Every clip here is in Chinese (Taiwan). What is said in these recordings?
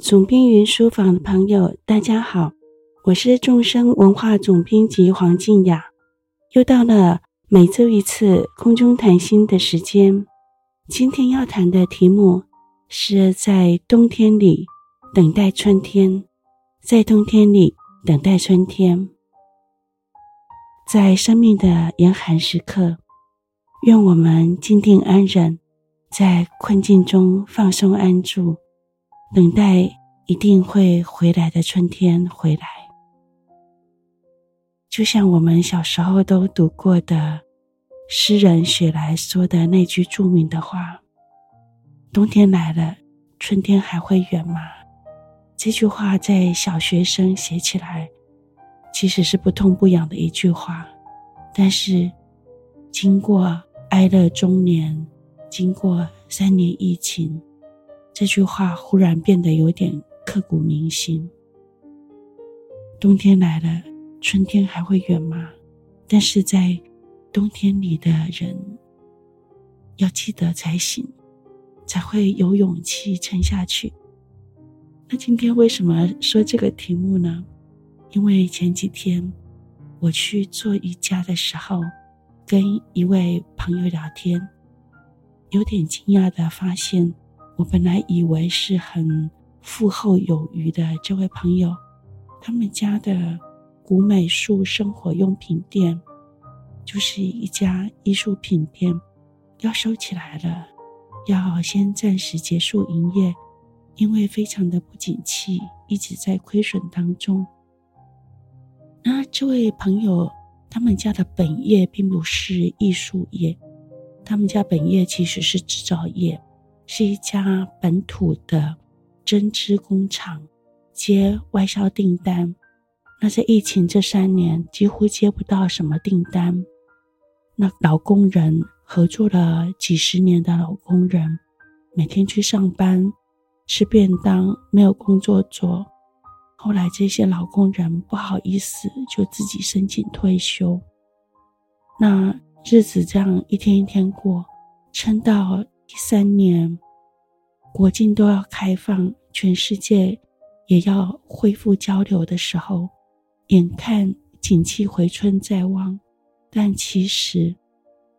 總編云書房的朋友，大家好，我是眾生文化總編輯黃靖雅。又到了每週一次空中談心的時間，今天要談的題目是在冬天裡等待春天，在冬天裡等待春天，在生命的嚴寒時刻，願我們靜定安忍，在困境中放鬆安住。等待一定會回來的春天回來，就像我們小時候都讀過的詩人雪萊說的那句著名的話：“冬天來了，春天還會遠嗎？”這句話在小學生寫起來，其實是不痛不癢的一句話，但是經過哀樂中年，經過三年疫情。這句話忽然變得有點刻骨銘心。冬天來了，春天還會遠嗎？但是在冬天裡的人，要記得才行，才會有勇氣撐下去。那今天為什麼說這個題目呢？因為前幾天我去做瑜伽的時候，跟一位朋友聊天，有點驚訝地發現。我本來以為是很富厚有餘的這位朋友，他們家的古美術生活用品店，就是一家藝術品店，要收起來了，要先暫時結束營業，因為非常的不景氣，一直在虧損當中。那這位朋友他們家的本業並不是藝術業，他們家本業其實是製造業。是一家本土的針織工廠，接外銷訂單。那在疫情這三年，幾乎接不到什麼訂單。那老工人，合作了幾十年的老工人，每天去上班，吃便當，沒有工作做。後來這些老工人不好意思，就自己申請退休。那日子這樣一天一天過，撐到。第三年，國境都要開放，全世界也要恢復交流的時候，眼看景氣回春在望，但其實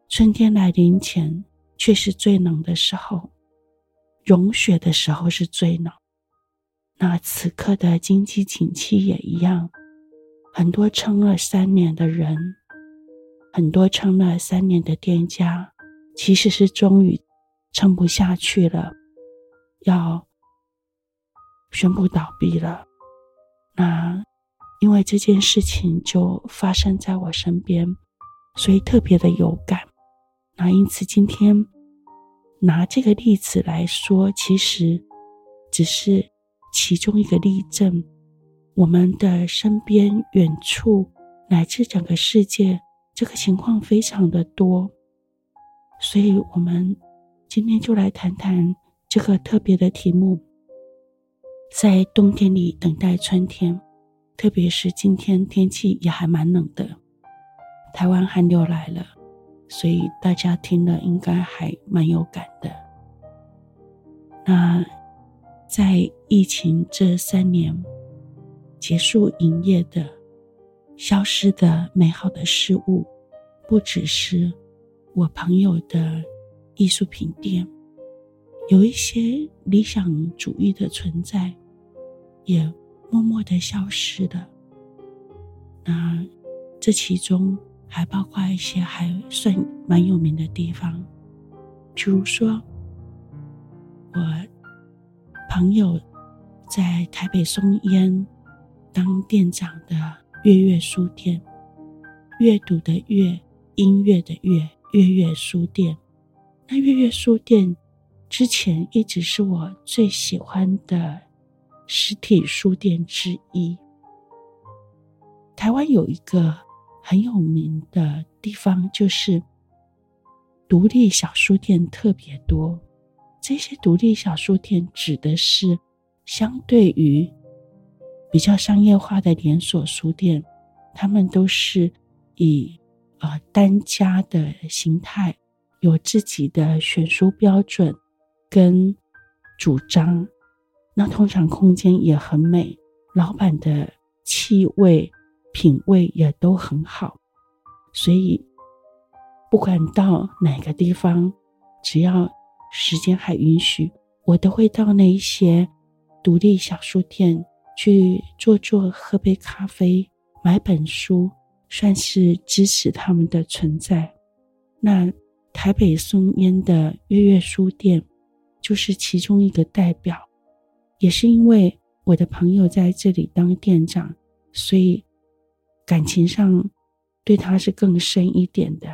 春天來臨前卻是最冷的時候，融雪的時候是最冷。那此刻的經濟景氣也一樣，很多撐了三年的人，很多撐了三年的店家，其實是終於。撐不下去了，要宣布倒閉了。那因為這件事情就發生在我身邊，所以特別的有感。那因此今天拿這個例子來說，其實只是其中一個例證。我們的身邊、遠處乃至整個世界，這個情況非常的多，所以我們。今天就來談談這個特別的題目，在冬天裡等待春天，特別是今天天氣也還蠻冷的，台灣寒流來了，所以大家聽了應該還蠻有感的。那在疫情這三年，結束營業的、消失的美好的事物，不只是我朋友的。藝術品店有一些理想主義的存在，也默默的消失了。那這其中還包括一些還算蠻有名的地方，比如說我朋友在台北松菸當店長的閱樂書店，閱讀的“閱”，音樂的“樂”，閱樂書店。那月月書店之前一直是我最喜歡的實體書店之一。台灣有一個很有名的地方，就是獨立小書店特別多。這些獨立小書店指的是相對於比較商業化的連鎖書店，他們都是以呃單家的形態。有自己的選書標準，跟主張，那通常空間也很美，老闆的氣味、品味也都很好，所以不管到哪個地方，只要時間還允許，我都會到那一些獨立小書店去坐坐，喝杯咖啡，買本書，算是支持他們的存在。那。台北松煙的月月書店，就是其中一個代表。也是因為我的朋友在這裡當店長，所以感情上對他是更深一點的。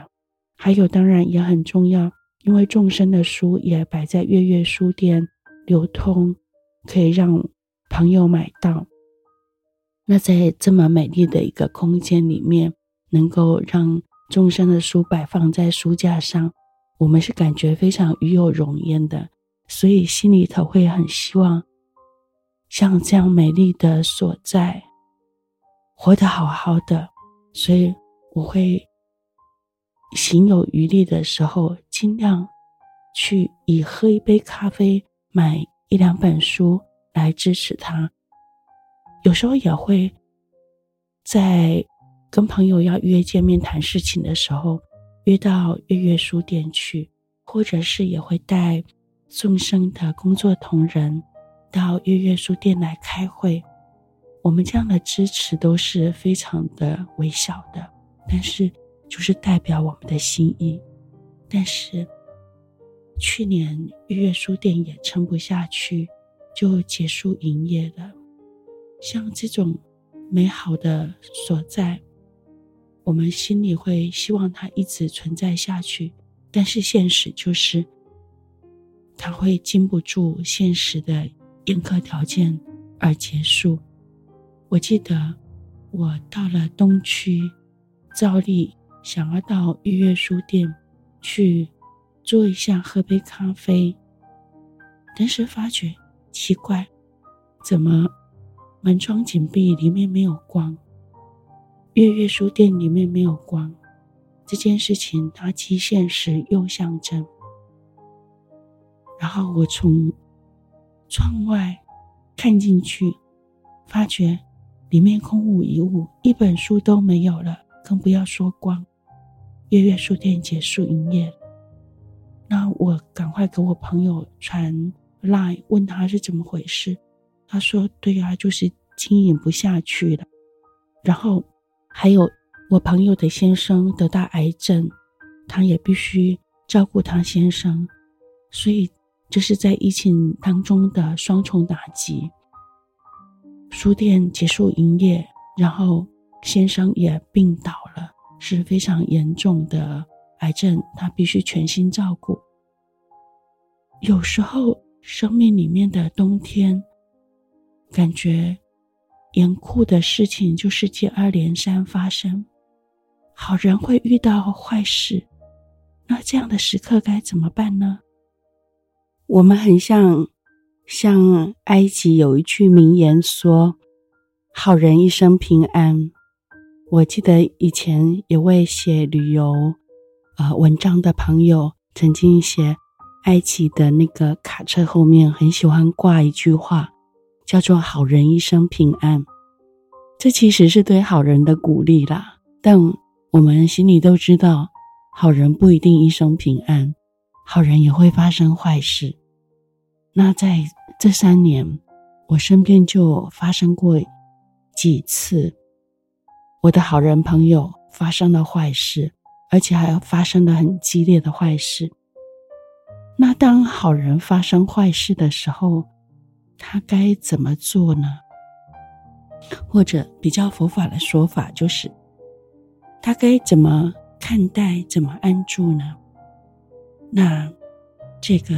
還有，當然也很重要，因為眾生的書也擺在月月書店流通，可以讓朋友買到。那在這麼美麗的一個空間裡面，能夠讓眾生的書擺放在書架上。我們是感覺非常與有榮焉的，所以心裡頭會很希望，像這樣美麗的所在，活得好好的。所以我會，行有餘力的時候，盡量，去以喝一杯咖啡、買一兩本書來支持他。有時候也會，在跟朋友要約見面談事情的時候。約到月月書店去，或者是也會帶眾生的工作同仁到月月書店來開會。我們這樣的支持都是非常的微小的，但是就是代表我們的心意。但是去年月月書店也撐不下去，就結束營業了。像這種美好的所在，我們心裡會希望它一直存在下去，但是現實就是，它會經不住現實的嚴苛條件而結束。我記得，我到了東區，照例想要到預約書店去坐一下，喝杯咖啡，但是發覺奇怪，怎麼門窗緊閉，裡面沒有光。月月書店裡面沒有光，這件事情它既現實又象徵。然後我從窗外看進去，發覺裡面空無一物，一本書都沒有了，更不要說光。月月書店結束營業，那我趕快給我朋友傳 Line，問他是怎麼回事。他說：“對啊，就是經營不下去了。”然後。還有我朋友的先生得到癌症，他也必須照顧他先生，所以這是在疫情當中的雙重打擊。書店結束營業，然後先生也病倒了，是非常嚴重的癌症，他必須全心照顧。有時候生命裡面的冬天，感覺。嚴酷的事情就是接二連三發生，好人會遇到壞事，那這樣的時刻該怎麼辦呢？我們很像，像埃及有一句名言說：“好人一生平安。”我記得以前有位寫旅遊，呃，文章的朋友曾經寫，埃及的那個卡車後面很喜歡掛一句話。叫做好人一生平安，這其實是對好人的鼓勵啦。但我們心裡都知道，好人不一定一生平安，好人也會發生壞事。那在這三年，我身邊就發生過幾次我的好人朋友發生了壞事，而且還發生了很激烈的壞事。那當好人發生壞事的時候，他該怎麼做呢？或者比較佛法的說法，就是他該怎麼看待、怎麼安住呢？那這個，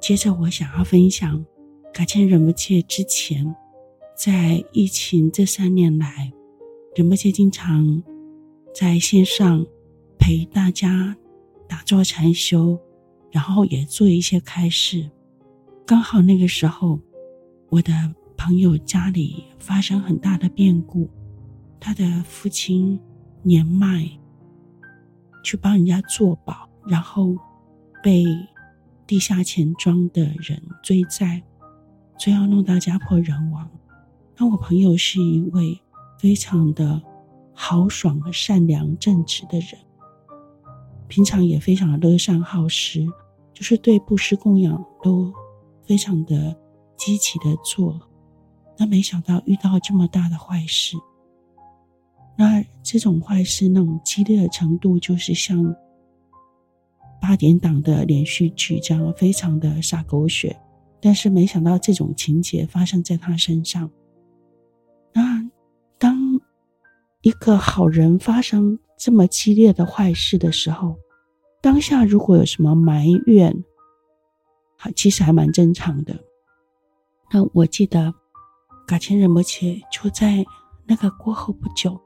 接着我想要分享，噶千仁波切之前，在疫情這三年來，仁波切經常在線上陪大家打坐禪修，然後也做一些開示。剛好那個時候，我的朋友家裡發生很大的變故，他的父親年邁，去幫人家做保，然後被地下錢莊的人追債，最後弄到家破人亡。那我朋友是一位非常的豪爽和善良正直的人，平常也非常的樂善好施，就是對布施供養都。非常的積極的做，那沒想到遇到這麼大的壞事。那這種壞事那種激烈的程度，就是像八點檔的連續劇這樣，非常的灑狗血。但是沒想到這種情節發生在他身上。那當一個好人發生這麼激烈的壞事的時候，當下如果有什麼埋怨？其實還蠻正常的。那我記得，噶千仁波切就在那個過後不久，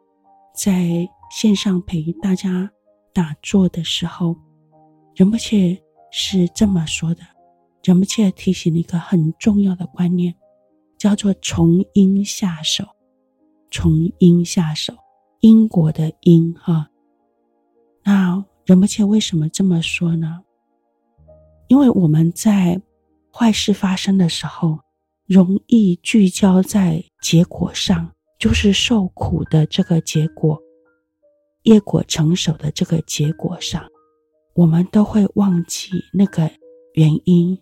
在線上陪大家打坐的時候，仁波切是這麼說的，仁波切提醒了一個很重要的觀念，叫做“從因下手”。從因下手，因果的因哈。那仁波切為什麼這麼說呢？因為我們在壞事發生的時候，容易聚焦在結果上，就是受苦的這個結果、業果成熟的這個結果上，我們都會忘記那個原因、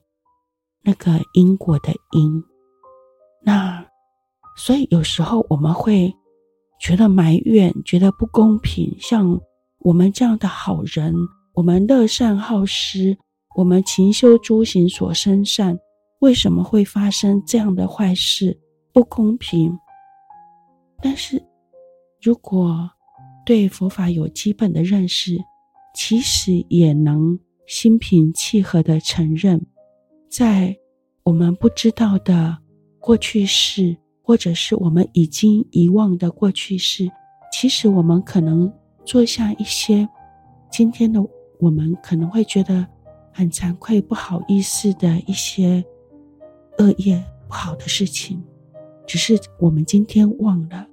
那個因果的因。那所以有時候我們會覺得埋怨，覺得不公平。像我們這樣的好人，我們樂善好施。我們勤修諸行所生善，為什麼會發生這樣的壞事？不公平。但是，如果對佛法有基本的認識，其實也能心平氣和地承認，在我們不知道的過去世，或者是我們已經遺忘的過去世，其實我們可能做下一些，今天的我們可能會覺得。很慚愧、不好意思的一些惡業、不好的事情，只是我們今天忘了。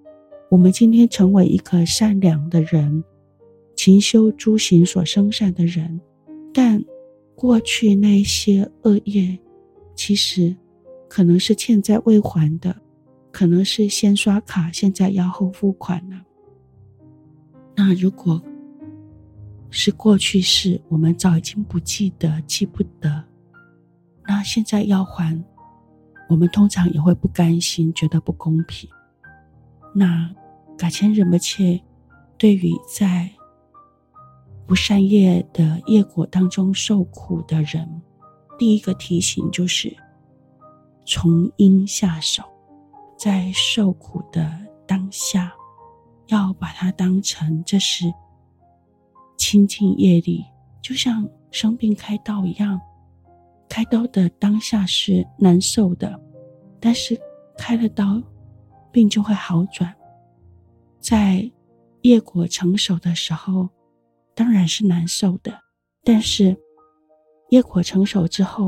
我們今天成為一個善良的人，勤修諸行所生善的人，但過去那些惡業，其實可能是欠債未還的，可能是先刷卡，現在要後付款了。那如果……是過去世，我們早已經不記得、記不得。那現在要還，我們通常也會不甘心，覺得不公平。那噶千仁波切，對於在不善業的業果當中受苦的人，第一個提醒就是從因下手，在受苦的當下，要把它當成這是。清淨業力，就像生病開刀一樣，開刀的當下是難受的，但是開了刀，病就會好轉。在業果成熟的時候，當然是難受的，但是業果成熟之後，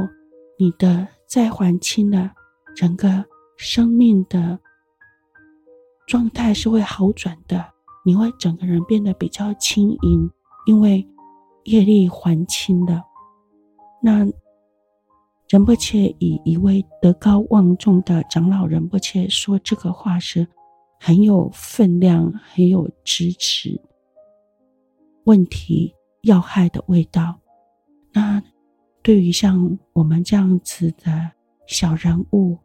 你的債還清了，整個生命的狀態是會好轉的，你會整個人變得比較輕盈。因為業力還清了，那仁波切以一位德高望重的長老仁波切說這個話是很有分量、很有支持問題要害的味道。那對於像我們這樣子的小人物、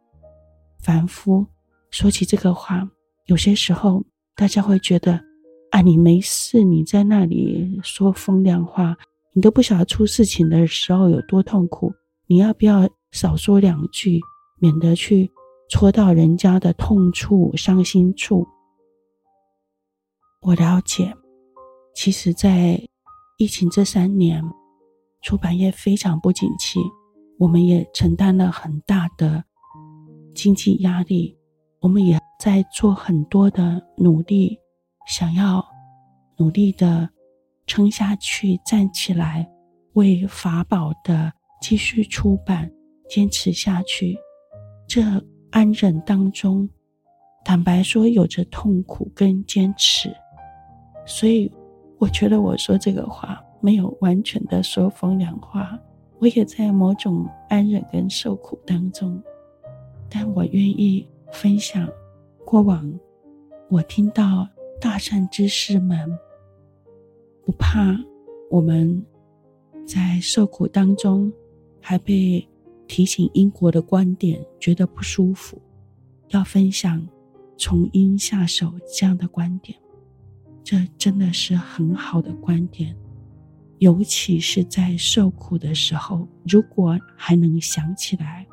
凡夫說起這個話，有些時候大家會覺得。啊，你沒事，你在那裡說風涼話，你都不曉得出事情的時候有多痛苦。你要不要少說兩句，免得去戳到人家的痛處、傷心處？我了解，其實，在疫情這三年，出版業非常不景氣，我們也承擔了很大的經濟壓力，我們也在做很多的努力。想要努力的撐下去，站起來，為法寶的繼續出版堅持下去。這安忍當中，坦白說，有着痛苦跟堅持。所以，我覺得我說這個話沒有完全的說風涼話，我也在某種安忍跟受苦當中，但我願意分享過往，我聽到。大善知識們不怕我們在受苦當中還被提醒因果的觀點，覺得不舒服，要分享從因下手這樣的觀點，這真的是很好的觀點，尤其是在受苦的時候，如果還能想起來，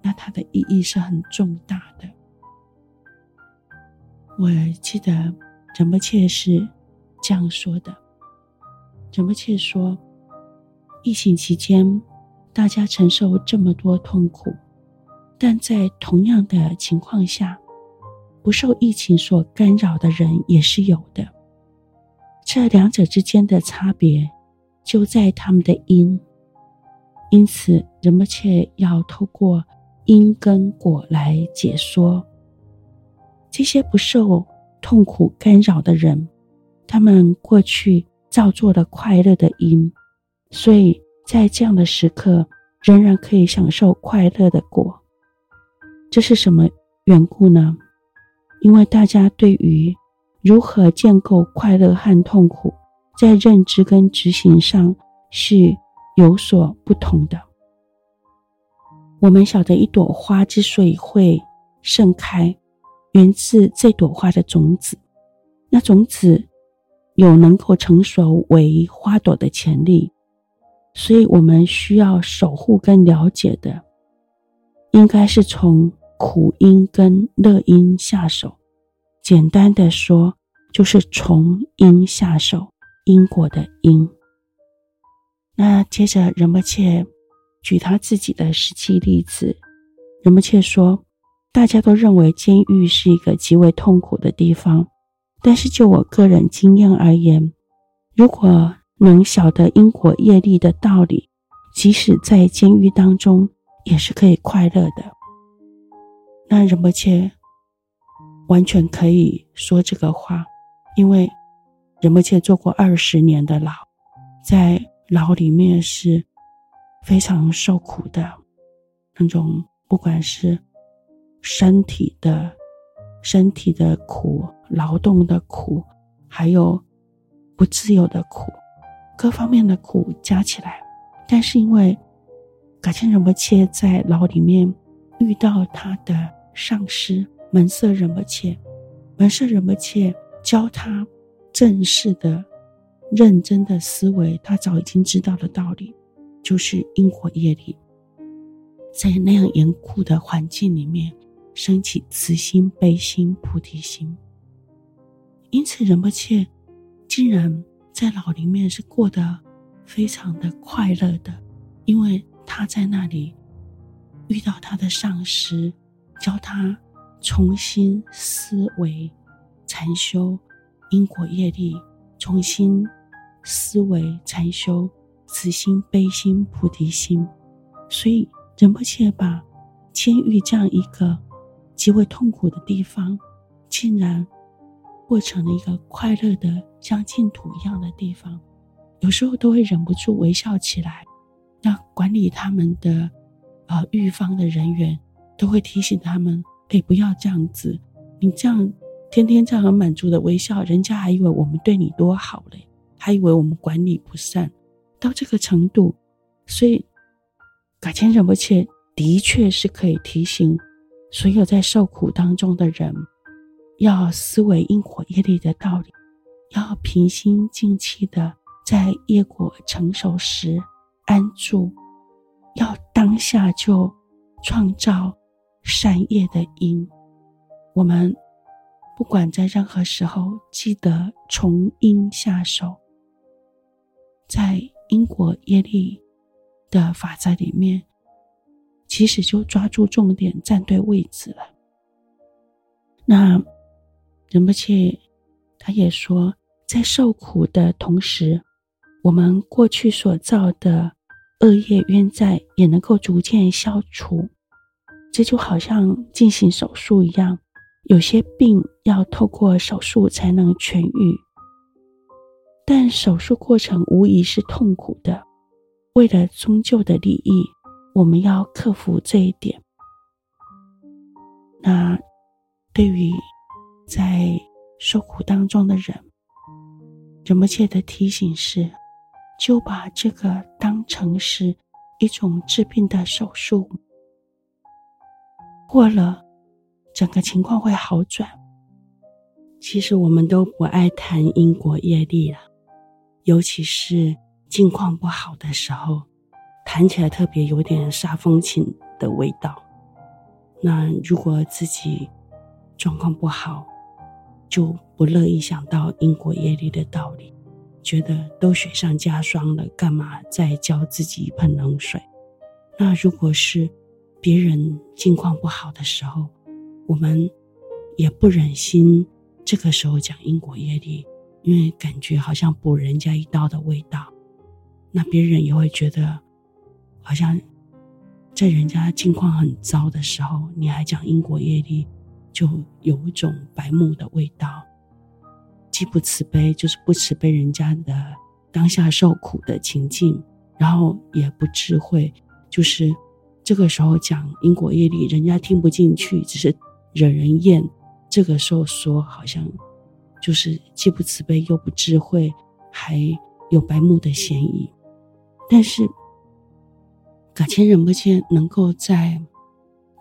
那它的意義是很重大的。我記得。仁波切是這樣說的？仁波切說，疫情期間大家承受這麼多痛苦，但在同樣的情況下，不受疫情所干擾的人也是有的。這兩者之間的差別，就在他們的因。因此，仁波切要透過因跟果來解說這些不受。痛苦干擾的人，他們過去造作了快樂的因，所以在這樣的時刻仍然可以享受快樂的果。這是什麼緣故呢？因為大家對於如何建構快樂和痛苦，在認知跟執行上是有所不同的。我們曉得一朵花之所以會盛開，源自這朵花的種子，那種子有能夠成熟為花朵的潛力，所以我們需要守護跟了解的，應該是從苦因跟樂因下手。簡單的說，就是從因下手，因果的因。那接着仁波切舉他自己的實際例子，仁波切說。大家都認為監獄是一個極為痛苦的地方，但是就我個人經驗而言，如果能曉得因果業力的道理，即使在監獄當中也是可以快樂的。那仁波切完全可以說這個話，因為仁波切坐過二十年的牢，在牢裡面是非常受苦的，那種不管是。身體的、身體的苦，勞動的苦，還有不自由的苦，各方面的苦加起來。但是因為噶千仁波切在牢裡面遇到他的上師門色仁波切，門色仁波切教他正式的、認真的思維，他早已經知道的道理，就是因果業力。在那樣嚴酷的環境裡面。生起慈心、悲心、菩提心。因此，仁波切竟然在牢裡面是過得非常的快樂的，因為他在那裡遇到他的上師，教他重新思維禪修因果業力，重新思維禪修慈心、悲心、菩提心。所以，仁波切把監獄這樣一個，極為痛苦的地方，竟然過成了一個快樂的像淨土一樣的地方，有時候都會忍不住微笑起來。那管理他們的呃獄方的人員都會提醒他們：“哎，不要這樣子，你這樣天天這樣很滿足的微笑，人家還以為我們對你多好嘞，還以為我們管理不善到這個程度。”所以，感情忍不起的確是可以提醒所有在受苦當中的人，要思維因果業力的道理，要平心靜氣的在業果成熟時安住，要當下就創造善業的因。我們不管在任何時候，記得從因下手，在因果業力的法則裡面。其實就抓住重點，站對位置了。那仁波切他也說，在受苦的同時，我們過去所造的惡業冤債也能夠逐漸消除。這就好像進行手術一樣，有些病要透過手術才能痊癒，但手術過程無疑是痛苦的。為了終究的利益。我們要克服這一點。那對於在受苦當中的人，仁波切的提醒是，就把這個當成是一種治病的手術。過了，整個情況會好轉。其實我們都不愛談因果業力了、啊，尤其是境況不好的時候。談起來特別有點煞風景的味道。那如果自己狀況不好，就不樂意想到因果業力的道理，覺得都雪上加霜了，幹嘛再澆自己一盆冷水？那如果是別人境況不好的時候，我們也不忍心這個時候講因果業力，因為感覺好像補人家一刀的味道。那別人也會覺得。好像在人家境況很糟的時候，你還講因果業力，就有一種白目的味道，既不慈悲，就是不慈悲人家的當下受苦的情境，然後也不智慧，就是這個時候講因果業力，人家聽不進去，只是惹人厭。這個時候說好像就是既不慈悲又不智慧，還有白目的嫌疑，但是。感情仁波切，能夠在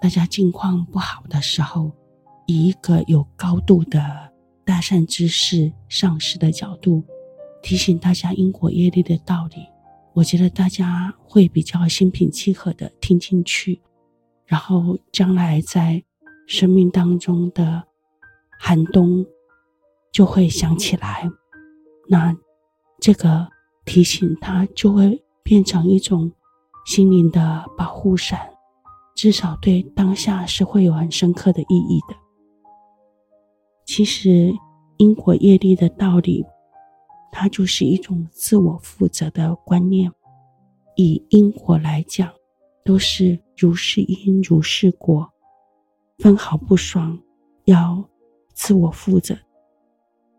大家境況不好的時候，以一個有高度的大善知識上師的角度，提醒大家因果業力的道理。我覺得大家會比較心平氣和的聽進去，然後將來在生命當中的寒冬就會想起來，那這個提醒他就會變成一種。心靈的保護傘，至少對當下是會有很深刻的意義的。其實，因果業力的道理，它就是一種自我負責的觀念。以因果來講，都是如是因如是果，分毫不爽，要自我負責。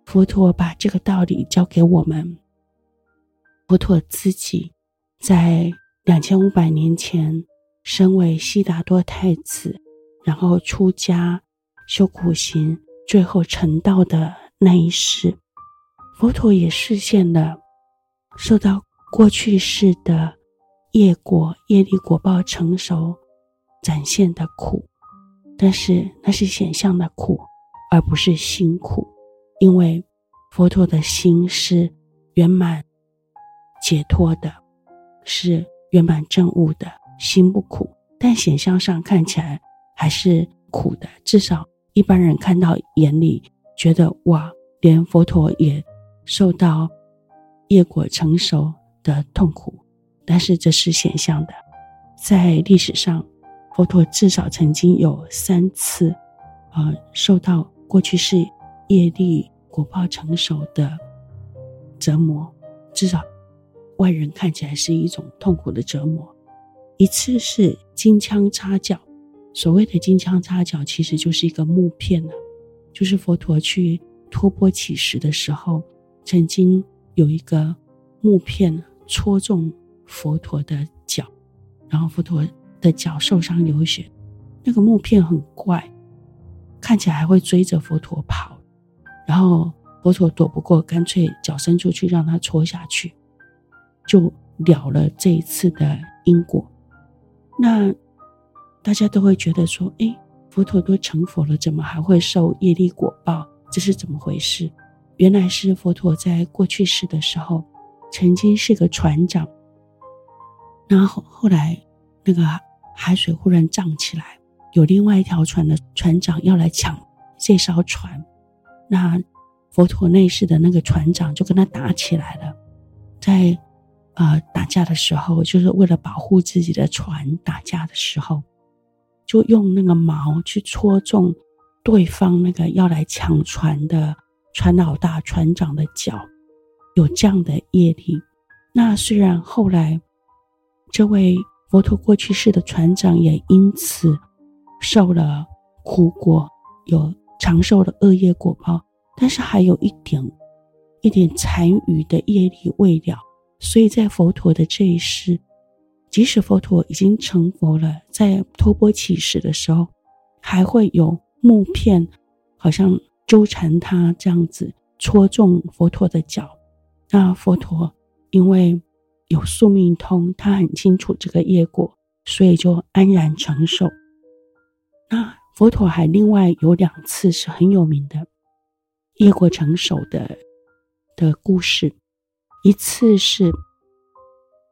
佛陀把這個道理教給我們，佛陀自己在。兩千五百年前，身為悉達多太子，然後出家、修苦行，最後成道的那一世，佛陀也示現了受到過去世的業果、業力果報成熟展現的苦。但是那是顯相的苦，而不是心苦，因為佛陀的心是圓滿、解脫的，是。圓滿證悟的心不苦，但顯像上看起來還是苦的。至少一般人看到眼裡，覺得哇，連佛陀也受到業果成熟的痛苦。但是這是顯像的，在歷史上，佛陀至少曾經有三次，呃，受到過去世業力果報成熟的折磨，至少。外人看起來是一種痛苦的折磨。一次是金槍插腳，所謂的金槍插腳，其實就是一個木片呢、啊，就是佛陀去託缽乞食的時候，曾經有一個木片戳中佛陀的腳，然後佛陀的腳受傷流血。那個木片很怪，看起來還會追着佛陀跑，然後佛陀躲不過，乾脆腳伸出去讓他戳下去。就了了這一次的因果，那大家都會覺得說：“誒，佛陀都成佛了，怎麼還會受業力果報？這是怎麼回事？”原來是佛陀在過去世的時候，曾經是個船長。然後後來，那個海水忽然漲起來，有另外一條船的船長要來搶這艘船，那佛陀那世的那個船長就跟他打起來了，在。呃，打架的時候，就是為了保護自己的船。打架的時候，就用那個矛去戳中對方那個要來搶船的船老大、船長的腳，有這樣的業力。那雖然後來這位佛陀過去世的船長也因此受了苦果，有承受了惡業果報，但是還有一點一點殘餘的業力未了。所以在佛陀的這一世，即使佛陀已經成佛了，在托缽乞食的時候，還會有木片，好像糾纏他這樣子，戳中佛陀的腳。那佛陀因為有宿命通，他很清楚這個業果，所以就安然承受。那佛陀還另外有兩次是很有名的業果成熟的的故事。一次是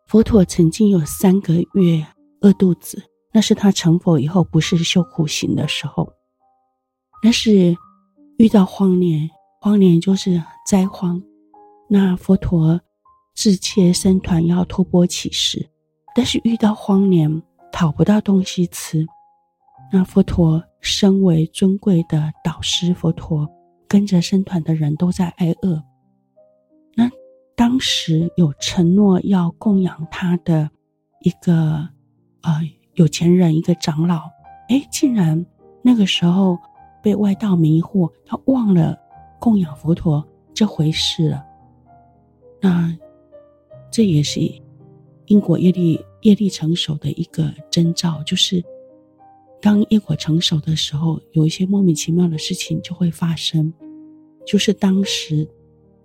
佛陀曾經有三個月餓肚子，那是他成佛以後不是修苦行的時候，那是遇到荒年，荒年就是災荒。那佛陀自切僧團要托缽乞食，但是遇到荒年討不到東西吃，那佛陀身為尊貴的導師，佛陀跟着僧團的人都在挨餓，那。當時有承諾要供養他的一個呃有錢人，一個長老，誒，竟然那個時候被外道迷惑，他忘了供養佛陀這回事了。那這也是因果業力業力成熟的一個徵兆，就是當業果成熟的時候，有一些莫名其妙的事情就會發生，就是當時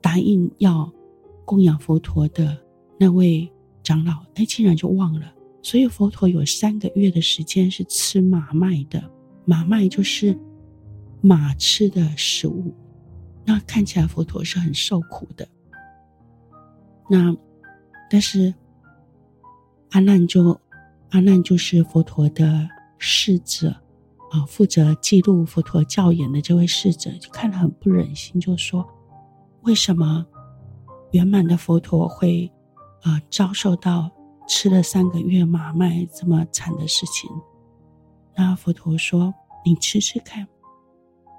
答應要。供養佛陀的那位長老，他、哎、竟然就忘了。所以佛陀有三個月的時間是吃馬麥的，馬麥就是馬吃的食物。那看起來佛陀是很受苦的。那但是阿難就，阿難就是佛陀的侍者，啊，負責記錄佛陀教言的這位侍者，就看了很不忍心，就說：“為什麼？”圓滿的佛陀會，呃，遭受到吃了三個月馬麥這麼慘的事情。那佛陀說：“你吃吃看。”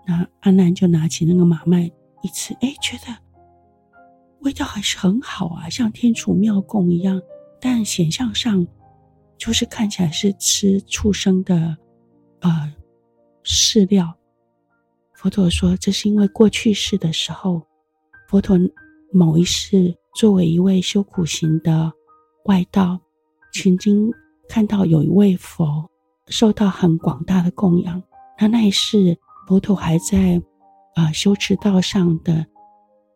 那阿難就拿起那個馬麥一吃，哎，覺得味道還是很好啊，像天廚妙供一樣。但顯像上就是看起來是吃畜生的，呃，飼料。佛陀說：“這是因為過去世的時候，佛陀。”某一世，作為一位修苦行的外道，曾經看到有一位佛受到很廣大的供養。那那一世，佛陀還在啊、呃、修持道上的，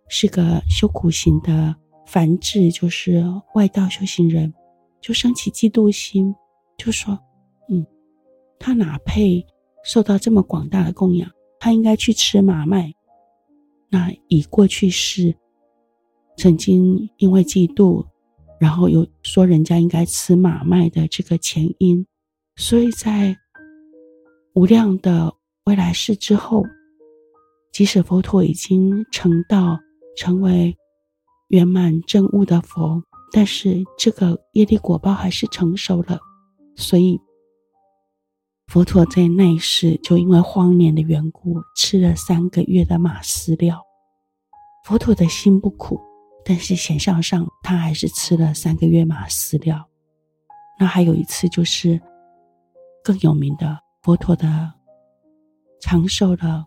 是個修苦行的梵志，就是外道修行人，就生起嫉妒心，就說：“嗯，他哪配受到這麼廣大的供養？他應該去吃馬麥。”那以過去世。曾經因為嫉妒，然後又說人家應該吃馬麥的這個前因，所以在無量的未來世之後，即使佛陀已經成道，成為圓滿證悟的佛，但是這個業力果報還是成熟了，所以佛陀在那時就因為荒年的緣故，吃了三個月的馬飼料。佛陀的心不苦。但是顯像上，他還是吃了三個月馬飼料。那還有一次就是更有名的佛陀的承受了，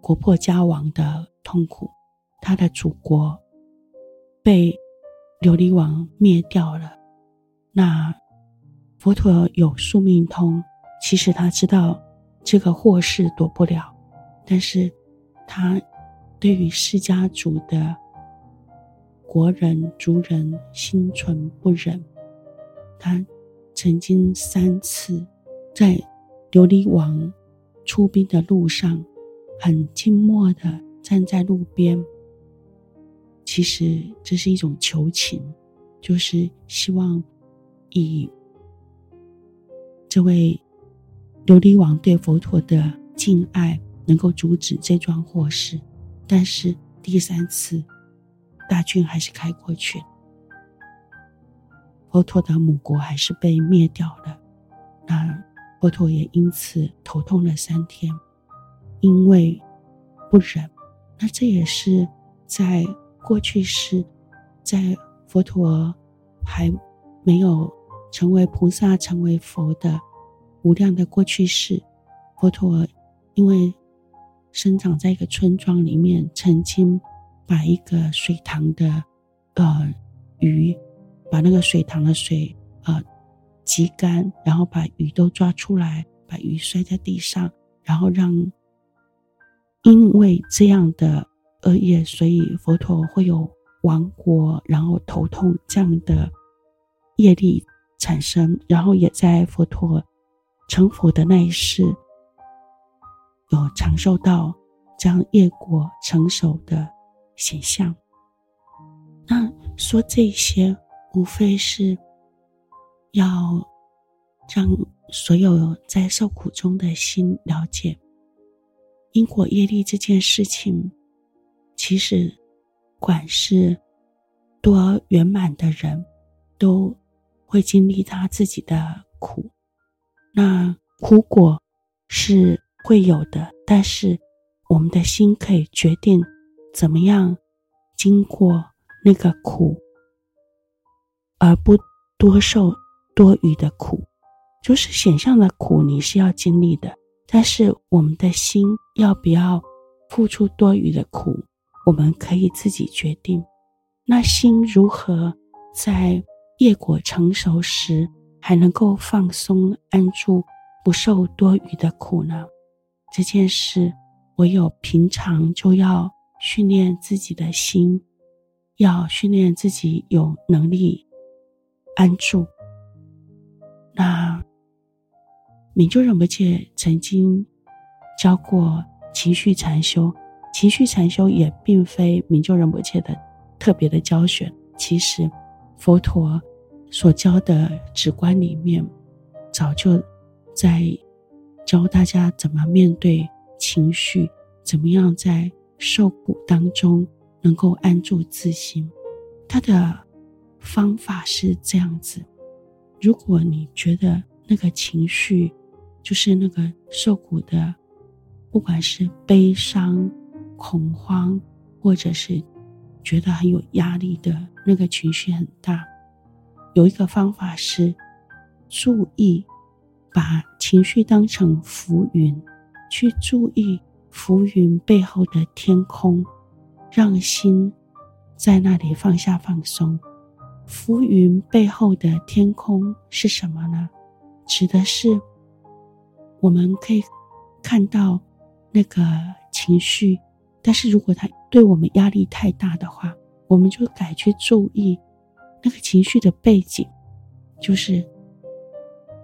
國破家亡的痛苦，他的祖國被琉璃王滅掉了。那佛陀有宿命通，其實他知道這個禍事躲不了，但是他對於釋迦族的。國人、族人心存不忍，他曾經三次在琉璃王出兵的路上，很靜默的站在路邊。其實這是一種求情，就是希望以這位琉璃王對佛陀的敬愛，能夠阻止這樁禍事。但是第三次。大軍還是開過去的，佛陀的母國還是被滅掉了。那佛陀也因此頭痛了三天，因為不忍。那這也是在過去世，在佛陀還沒有成為菩薩、成為佛的無量的過去世，佛陀因為生長在一個村莊裡面，曾經。把一個水塘的，呃，魚，把那個水塘的水，呃，擠乾，然後把魚都抓出來，把魚摔在地上，然後讓，因為這樣的惡業，所以佛陀會有亡國，然後頭痛這樣的業力產生，然後也在佛陀成佛的那一世，有嘗受到將業果成熟的。形象。那說這些，無非是，要讓所有在受苦中的心了解，因果業力這件事情。其實，管是多圓滿的人，都會經歷他自己的苦。那苦果是會有的，但是我們的心可以決定。怎麼樣經過那個苦，而不多受多餘的苦。就是顯象的苦，你是要經歷的。但是我們的心要不要付出多餘的苦，我們可以自己決定。那心如何在業果成熟時還能夠放鬆安住，不受多餘的苦呢？這件事唯有平常就要。訓練自己的心，要訓練自己有能力安住。那明就仁波切曾經教過情緒禪修，情緒禪修也並非明就仁波切的特別的教學。其實佛陀所教的止觀裡面，早就在教大家怎麼面對情緒，怎麼樣在。受苦當中，能夠安住自心，它的方法是這樣子：如果你覺得那個情緒，就是那個受苦的，不管是悲傷、恐慌，或者是覺得很有壓力的那個情緒很大，有一個方法是注意，把情緒當成浮雲，去注意浮雲背後的天空，讓心在那裡放下放鬆。浮雲背後的天空是什麼呢？指的是我們可以看到那個情緒，但是如果它對我們壓力太大的話，我們就改去注意那個情緒的背景，就是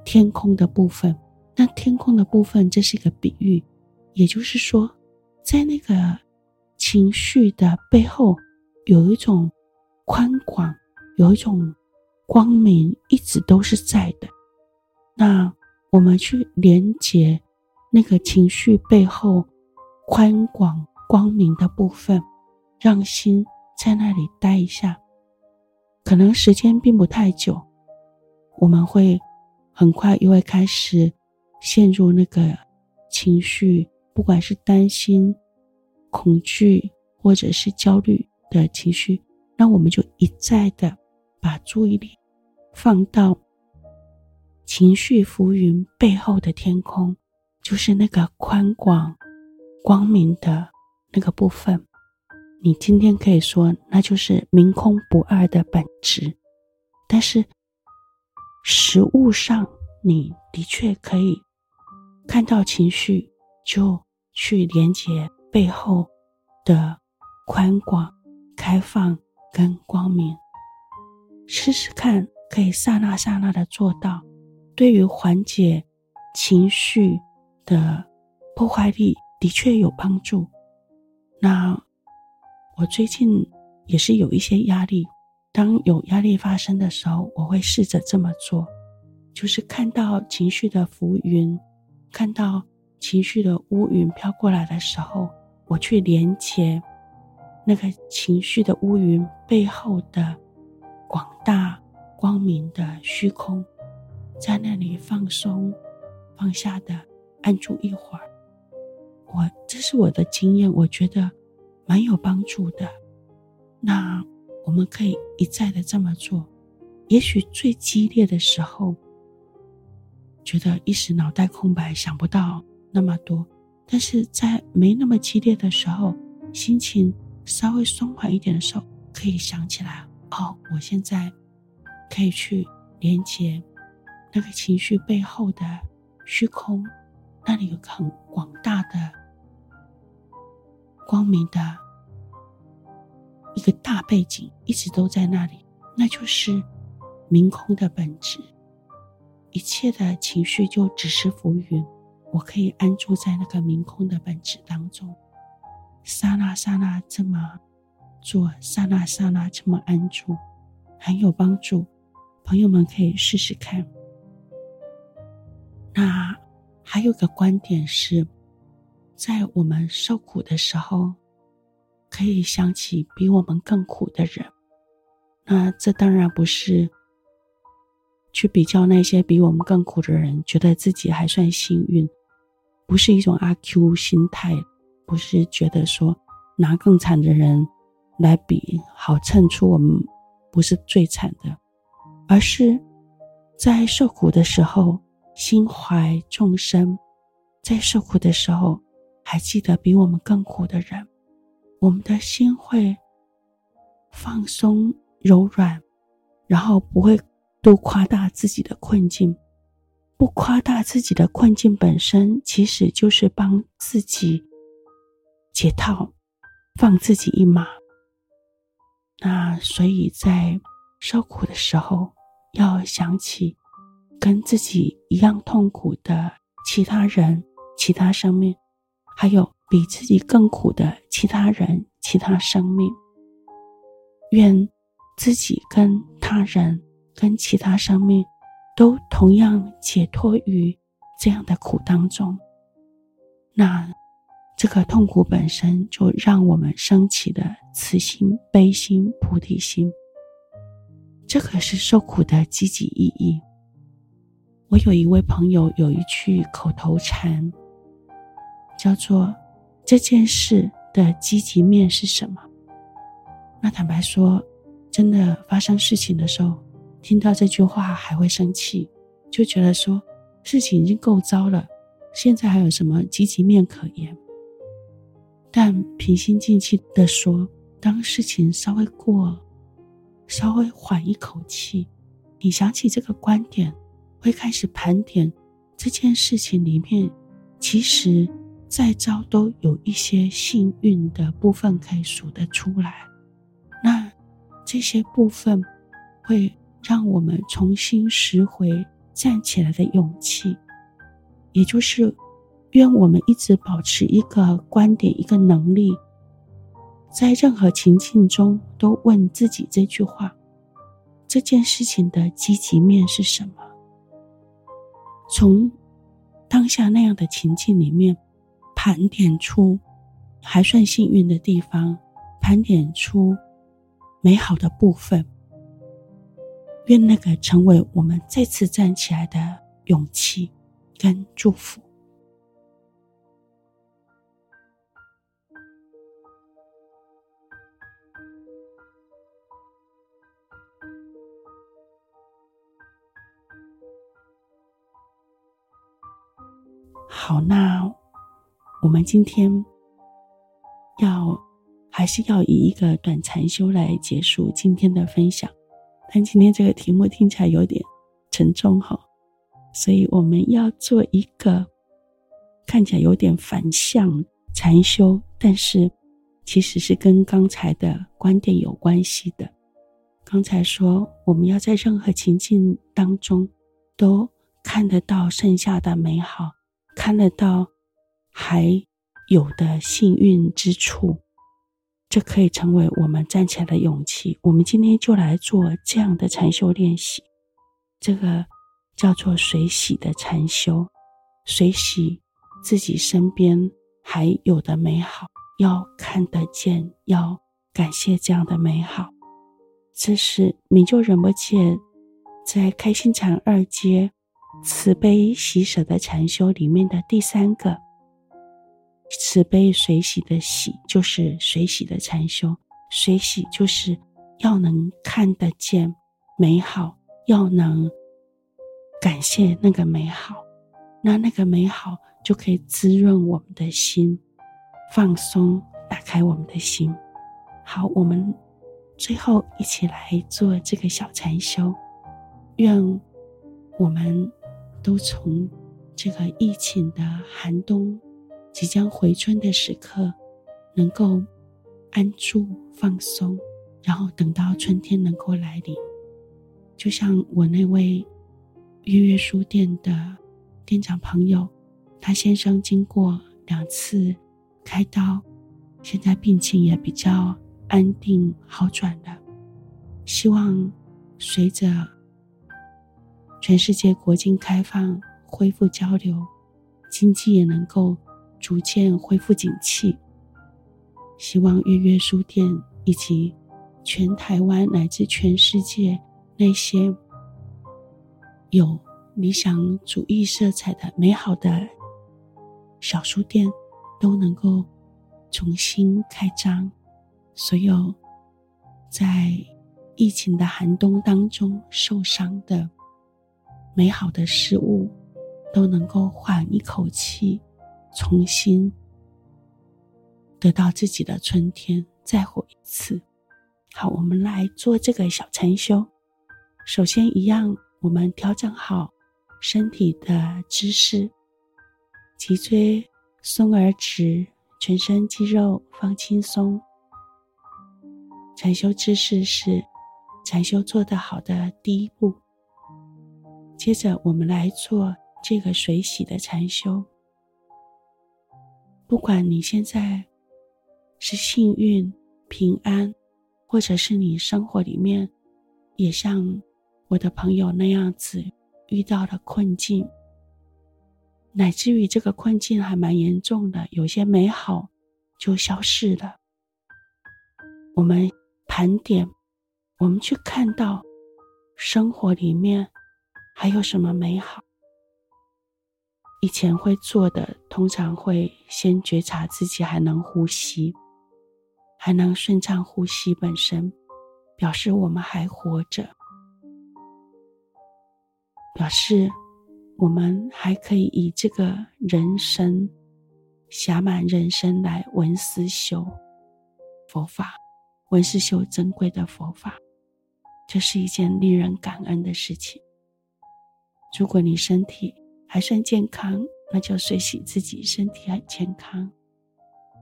天空的部分。那天空的部分，這是一個比喻。也就是說，在那個情緒的背後，有一種寬廣，有一種光明，一直都是在的。那我們去連接那個情緒背後寬廣光明的部分，讓心在那裡待一下，可能時間並不太久，我們會很快又會開始陷入那個情緒。不管是擔心、恐懼，或者是焦慮的情緒，那我們就一再的把注意力放到情緒浮雲背後的天空，就是那個寬廣、光明的那個部分。你今天可以說，那就是明空不二的本質。但是，實務上，你的確可以看到情緒就。去連接背後的寬廣、開放跟光明，試試看可以剎那剎那的做到。對於緩解情緒的破壞力，的確有幫助。那我最近也是有一些壓力，當有壓力發生的時候，我會試着這麼做，就是看到情緒的浮雲，看到。情緒的烏雲飄過來的時候，我去連接那個情緒的烏雲背後的廣大光明的虛空，在那裡放鬆、放下的安住一會兒。我這是我的經驗，我覺得蠻有幫助的。那我們可以一再的這麼做。也許最激烈的時候，覺得一時腦袋空白，想不到那麼多，但是在沒那麼激烈的時候，心情稍微鬆緩一點的時候，可以想起來哦，我現在可以去連接那個情緒背後的虛空，那裡有個很廣大的光明的一個大背景，一直都在那裡，那就是明空的本質，一切的情緒就只是浮雲。我可以安住在那個明空的本質當中，剎那剎那這麼做，剎那剎那這麼安住，很有幫助。朋友們可以試試看。那還有個觀點是，在我們受苦的時候，可以想起比我們更苦的人。那這當然不是。去比較那些比我們更苦的人，覺得自己還算幸運，不是一種阿 Q 心態，不是覺得說拿更慘的人來比，好襯出我們不是最慘的，而是在受苦的時候心懷眾生，在受苦的時候還記得比我們更苦的人，我們的心會放鬆柔軟，然後不會。都誇大自己的困境，不誇大自己的困境本身，其實就是幫自己解套，放自己一馬。那所以在受苦的時候，要想起跟自己一樣痛苦的其他人、其他生命，還有比自己更苦的其他人、其他生命。願自己跟他人。跟其他生命都同樣解脫於這樣的苦當中，那這個痛苦本身就讓我們升起了慈心、悲心、菩提心，這可是受苦的積極意義。我有一位朋友有一句口頭禪，叫做“這件事的積極面是什麼？”那坦白說，真的發生事情的時候。聽到這句話還會生氣，就覺得說事情已經夠糟了，現在還有什麼積極面可言？但平心靜氣地說，當事情稍微過，稍微緩一口氣，你想起這個觀點，會開始盤點這件事情裡面，其實再糟都有一些幸運的部分可以數得出來。那這些部分會。讓我們重新拾回站起來的勇氣，也就是願我們一直保持一個觀點、一個能力，在任何情境中都問自己這句話：這件事情的積極面是什麼？從當下那樣的情境裡面盤點出還算幸運的地方，盤點出美好的部分。願那個成為我們再次站起來的勇氣跟祝福。好，那我們今天要還是要以一個短禪修來結束今天的分享。但今天這個題目聽起來有點沉重哈、哦，所以我們要做一個看起來有點反向禪修，但是其實是跟剛才的觀點有關係的。剛才說我們要在任何情境當中都看得到剩下的美好，看得到還有的幸運之處。這可以成為我們站起來的勇氣。我們今天就來做這樣的禪修練習，這個叫做“隨喜”的禪修，隨喜自己身邊還有的美好，要看得見，要感謝這樣的美好。這是明就仁波切，在《開心禪二階慈悲喜捨》的禪修裡面的第三個。慈悲隨喜的喜就是隨喜的禪修，隨喜就是要能看得見美好，要能感謝那個美好，那那個美好就可以滋潤我們的心，放鬆打開我們的心。好，我們最後一起來做這個小禪修，願我們都從這個疫情的寒冬，即將回春的時刻，能夠安住放鬆，然後等到春天能夠來臨。就像我那位月月書店的店長朋友，他先生經過兩次開刀，現在病情也比較安定好轉了。希望隨着全世界國境開放、恢復交流，經濟也能夠。逐漸恢復景氣，希望月月書店以及全台灣乃至全世界那些有理想主義色彩的美好的小書店都能夠重新開張，所有在疫情的寒冬當中受傷的美好的事物都能夠緩一口氣。重新得到自己的春天，再活一次。好，我們來做這個小禪修。首先，一樣，我們調整好身體的姿勢，脊椎鬆而直，全身肌肉放輕鬆。禪修姿勢是禪修做得好的第一步。接着，我們來做這個水洗的禪修。不管你現在是幸運、平安，或者是你生活裡面也像我的朋友那樣子遇到了困境，乃至於這個困境還蠻嚴重的，有些美好就消失了。我們盤點，我們去看到生活裡面還有什麼美好。以前會做的，通常會先覺察自己還能呼吸，還能順暢呼吸本身，表示我們還活着，表示我們還可以以這個人生，暇滿人生來聞思修佛法，聞思修珍貴的佛法，這是一件令人感恩的事情。如果你身體，還算健康，那就隨喜自己身體很健康，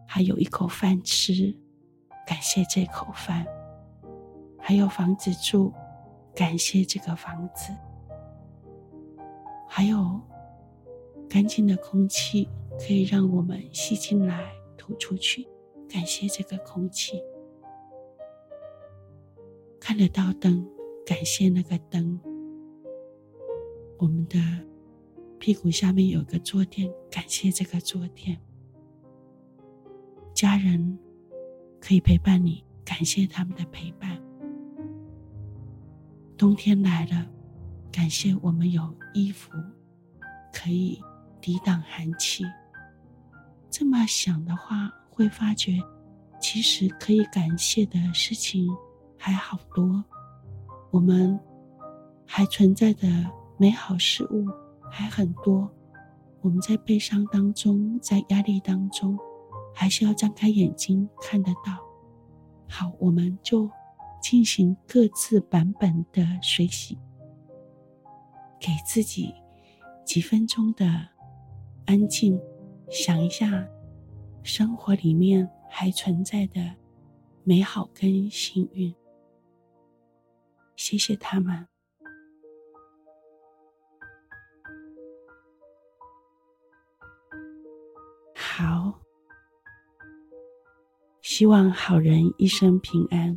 還有一口飯吃，感謝這口飯；還有房子住，感謝這個房子；還有乾淨的空氣可以讓我們吸進來、吐出去，感謝這個空氣；看得到燈，感謝那個燈；我們的。屁股下面有個坐墊，感謝這個坐墊。家人可以陪伴你，感謝他們的陪伴。冬天來了，感謝我們有衣服可以抵擋寒氣。這麼想的話，會發覺其實可以感謝的事情還好多，我們還存在的美好事物還很多，我們在悲傷當中，在壓力當中，還是要張開眼睛看得到。好，我們就進行各自版本的水洗，給自己幾分鐘的安靜，想一下生活裡面還存在的美好跟幸運。謝謝他們。好，希望好人一生平安，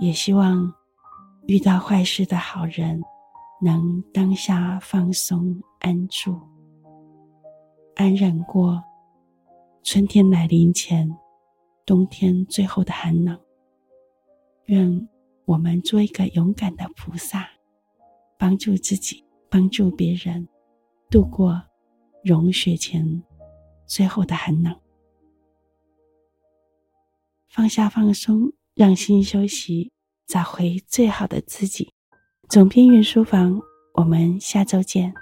也希望遇到壞事的好人能當下放鬆安住，安忍過春天來臨前冬天最後的寒冷。願我們做一個勇敢的菩薩，幫助自己，幫助別人，度過融雪前最後的寒冷，放下、放鬆，讓心休息，找回最好的自己。總編雲書房，我們下周見。